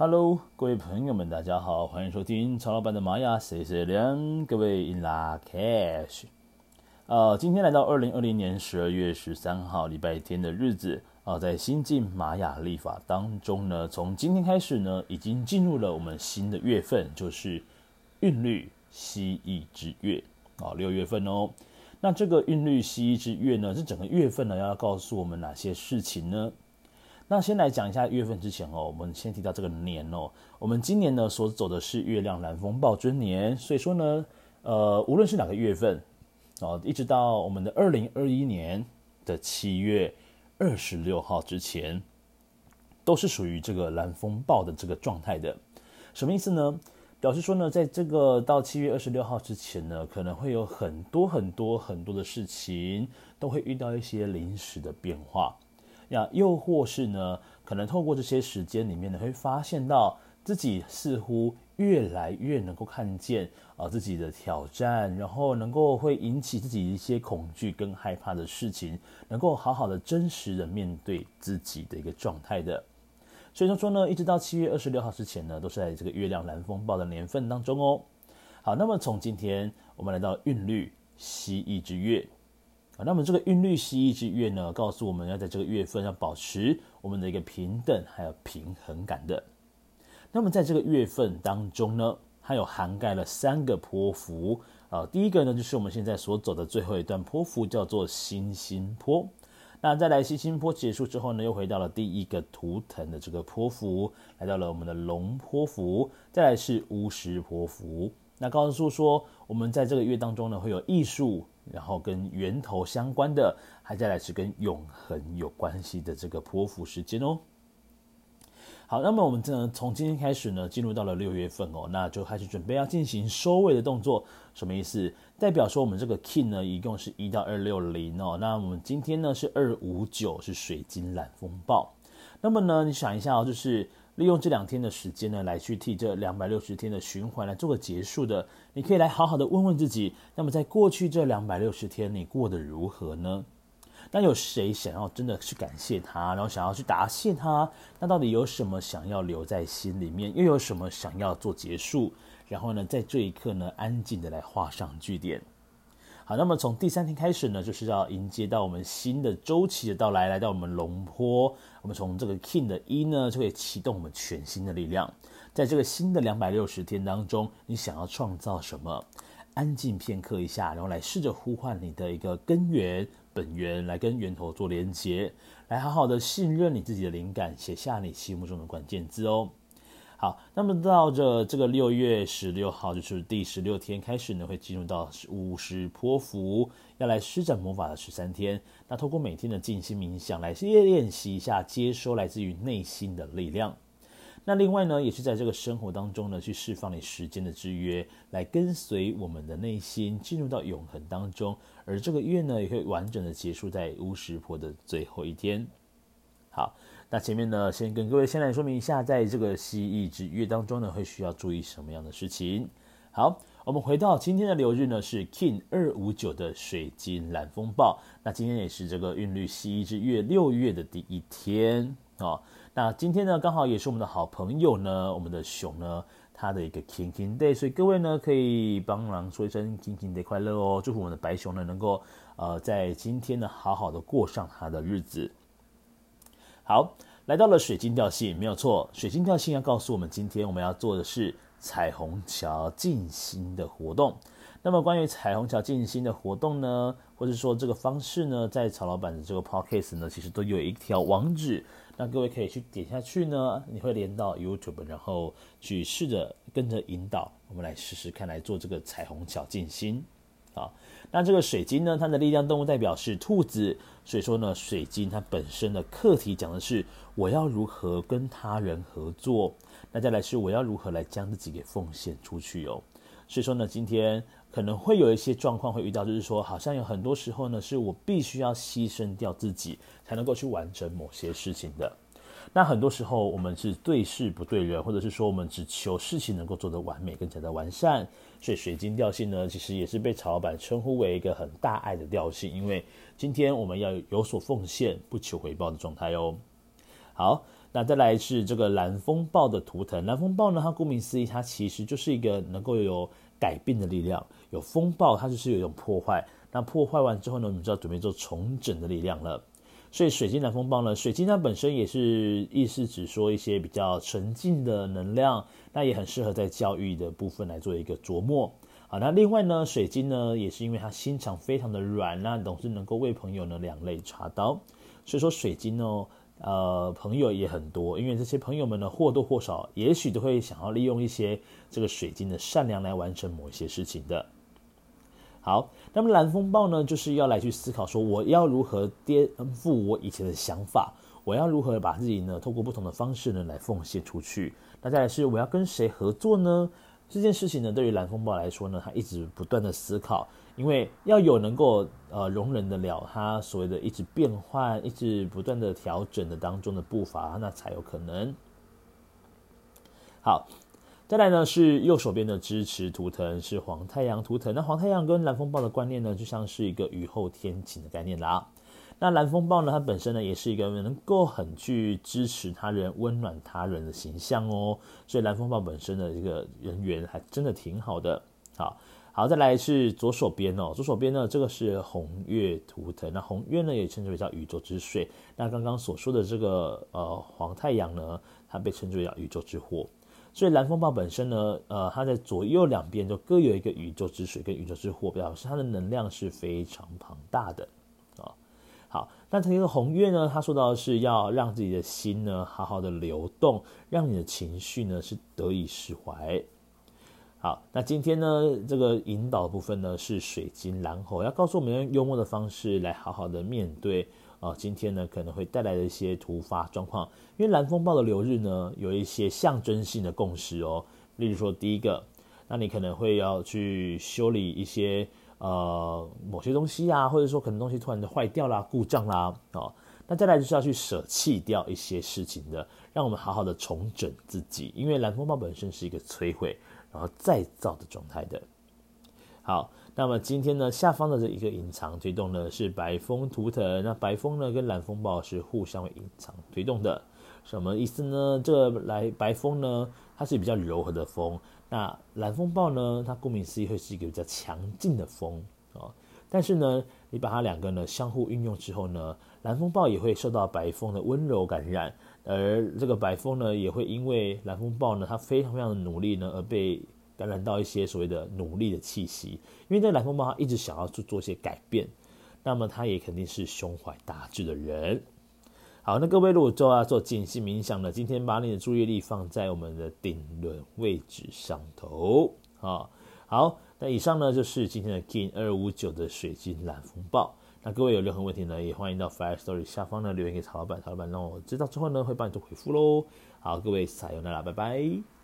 Hello，各位朋友們，大家好，歡迎收聽曹老板的瑪雅 CCL。各位 In lak'ech、呃。今天來到二零二零年十二月十三號禮拜天的日子啊、呃，在新晉瑪雅曆法當中呢，從今天開始呢，已經進入了我們新的月份，就是韻律蜥蜴之月啊，六、呃、月份哦。那這個韻律蜥蜴之月呢，是整個月份呢，要告訴我們哪些事情呢？那先來講一下月份之前哦，我們先提到這個年哦，我們今年呢所走的是月亮藍風暴之年，所以說呢，呃，無論是哪個月份，哦，一直到我們的二零二一年的七月二十六號之前，都是屬於這個藍風暴的這個狀態的，什麼意思呢？表示說呢，在這個到七月二十六號之前呢，可能會有很多很多很多的事情都會遇到一些臨時的變化。那又或是呢，可能透過這些時間裡面呢，會發現到自己似乎越來越能夠看見啊自己的挑戰，然後能夠會引起自己一些恐懼跟害怕的事情，能夠好好的真實的面對自己的一個狀態的。所以說說呢，一直到七月二十六號之前呢，都是在這個月亮藍風暴的年份當中哦。好，那麼從今天我們來到韻律，蜥蜴之月。啊、那麼這個韻律蜥蜴之月呢，告訴我們要在這個月份要保持我們的一個平等還有平衡感的。那麼在這個月份當中呢，它有涵蓋了三個波符啊。第一個呢，就是我們現在所走的最後一段波符，叫做星星波。那再來星星波結束之後呢，又回到了第一個圖騰的這個波符，來到了我們的龍波符，再來是巫師波符。那告訴叔說，我們在這個月當中呢，會有藝術，然後跟源頭相關的，還再來是跟永恆有關係的這個波符時間哦。好，那麼我們呢，從今天開始呢，進入到了六月份哦，那就開始準備要進行收尾的動作，什麼意思？代表說我們這個 Kin 呢，一共是一到二六零哦，那我們今天呢是二五九，是水晶藍風暴。那麼呢，你想一下，哦，就是。利用這兩天的時間呢，來去替這兩百六十天的循環來做個結束的。你可以來好好的問問自己，那麼在過去這兩百六十天，你過得如何呢？那有誰想要真的去感謝他，然後想要去答謝他？那到底有什麼想要留在心裡面，又有什麼想要做結束？然後呢，在這一刻呢，安靜的來畫上句點。好，那麼從第三天開始呢，就是要迎接到我們新的週期的到來，來到我們龍波，我們從這個 kin 的一呢，就可以啟動我們全新的力量。在這個新的兩百六十天當中，你想要創造什麼？安靜片刻一下，然後來試着呼喚你的一個根源本源，來跟源頭做連接，來好好的信任你自己的靈感，寫下你心目中的關鍵字哦。好，那麼到這這個六月十六號，就是第十六天開始呢，會進入到巫師波符，要來施展魔法的十三天。那通過每天的靜心冥想，來練習一下接收來自於內心的力量。那另外呢，也是在這個生活當中呢，去釋放你時間的制約，來跟隨我們的內心進入到永恆當中。而這個月呢，也會完整的結束在巫師波的最後一天。好，那前面呢，先跟各位先來說明一下，在這個蜥蜴之月當中呢，會需要注意什麼樣的事情。好，我們回到今天的流日呢，是 Kin 二五九的水晶藍風暴。那今天也是這個韻律蜥蜴之月六月的第一天哦。那今天呢，剛好也是我們的好朋友呢，我們的熊呢，他的一個 Kin Kin Day，所以各位呢，可以幫忙說一聲 Kin Kin Day 快樂哦，祝福我們的白熊呢，能夠呃在今天呢，好好的過上他的日子。好，來到了水晶調性。沒有錯。水晶調性要告訴我們，今天我們要做的是彩虹橋靜心的活動。那麼，關於彩虹橋靜心的活動呢，或者說這個方式呢，在曹老板的這個 podcast 呢，其實都有一條網址，那各位可以去點下去呢，你會連到 YouTube，然後去試着跟着引導，我們來試試看，來做這個彩虹橋靜心。好。那這個水晶呢，它的力量動物代表是兔子，所以說呢，水晶它本身的課題講的是我要如何跟他人合作，那再來是我要如何來將自己給奉獻出去哦。所以說呢，今天可能會有一些狀況會遇到，就是說好像有很多時候呢，是我必須要犧牲掉自己才能夠去完成某些事情的。那很多時候我們是對事不對人，或者是說我們只求事情能夠做得完美，更加的完善。所以水晶調性呢，其實也是被曹老板稱呼為一個很大愛的調性，因為今天我們要有所奉獻，不求回報的狀態哦。好，那再來是這個藍風暴的圖騰。藍風暴呢，它顧名思義，它其實就是一個能夠有改變的力量。有風暴，它就是有一種破壞。那破壞完之後呢，我們就要準備做重整的力量了。所以水晶藍風暴呢，水晶它本身也是意思指說，一些比較純淨的能量，那也很適合在教育的部分來做一個琢磨。好，那另外呢，水晶呢也是因為它心腸非常的軟，那總是能夠為朋友呢兩肋插刀，所以說水晶呢，呃，朋友也很多，因為這些朋友們呢或多或少，也許都會想要利用一些這個水晶的善良來完成某一些事情的。好，那麼藍風暴呢，就是要來去思考說，我要如何顛覆我以前的想法，我要如何把自己呢，透過不同的方式呢來奉獻出去。那再來是我要跟誰合作呢？這件事情呢，對於藍風暴來說呢，他一直不斷的思考，因為要有能夠呃容忍得了他所謂的一直變換、一直不斷的調整的當中的步伐，那才有可能。好。再來呢是右手邊的支持圖騰是黃太陽圖騰，那黃太陽跟藍風暴的觀念呢就像是一個雨後天晴的概念啦。那藍風暴呢它本身呢也是一個能夠很去支持他人、溫暖他人的形象哦，所以藍風暴本身的一個人緣還真的挺好的。好好，再來是左手邊哦，左手邊呢這個是紅月圖騰，那紅月呢也稱之為叫宇宙之水。那剛剛所說的這個呃黃太陽呢，它被稱之為叫宇宙之火。所以藍風暴本身呢，呃，它在左右兩邊就各有一個宇宙之水跟宇宙之火，表示它的能量是非常龐大的，啊、哦，好，那這個紅月呢，他說到的是要讓自己的心呢好好的流動，讓你的情緒呢是得以釋懷。好，那今天呢這個引導的部分呢是水晶藍猴，要告訴我們用幽默的方式來好好的面對。啊，今天呢可能會帶來的一些突發狀況，因為藍風暴的流日呢有一些象徵性的共識哦，例如說第一個，那你可能會要去修理一些呃某些東西啊，或者說可能東西突然就壞掉啦，故障啦，哦，那再來就是要去捨棄掉一些事情的，讓我們好好的重整自己，因為藍風暴本身是一個摧毀然後再造的狀態的。好，那麼今天呢，下方的這一個隱藏推動呢是白風圖騰，那白風呢跟藍風暴是互相隱藏推動的，什麼意思呢？這個來白風呢，它是比較柔和的風，那藍風暴呢，它顧名思義會是一個比較強勁的風哦，但是呢，你把它兩個呢相互運用之後呢，藍風暴也會受到白風的溫柔感染，而這個白風呢也會因為藍風暴呢它非常非常的努力呢而被感染到一些所謂的努力的氣息，因為在藍風暴他一直想要去做一些改變，那麼他也肯定是胸懷大志的人。好，那各位如果做要、啊、做靜心冥想呢，今天把你的注意力放在我們的頂輪位置上頭。啊、哦，好，那以上呢就是今天的 Kin 259的水晶藍風暴。那各位有任何問題呢，也歡迎到 Fire Story 下方呢留言給曹老闆，曹老闆讓我知道之後呢，會幫你做回復嘍。好，各位 Sayonara，拜拜。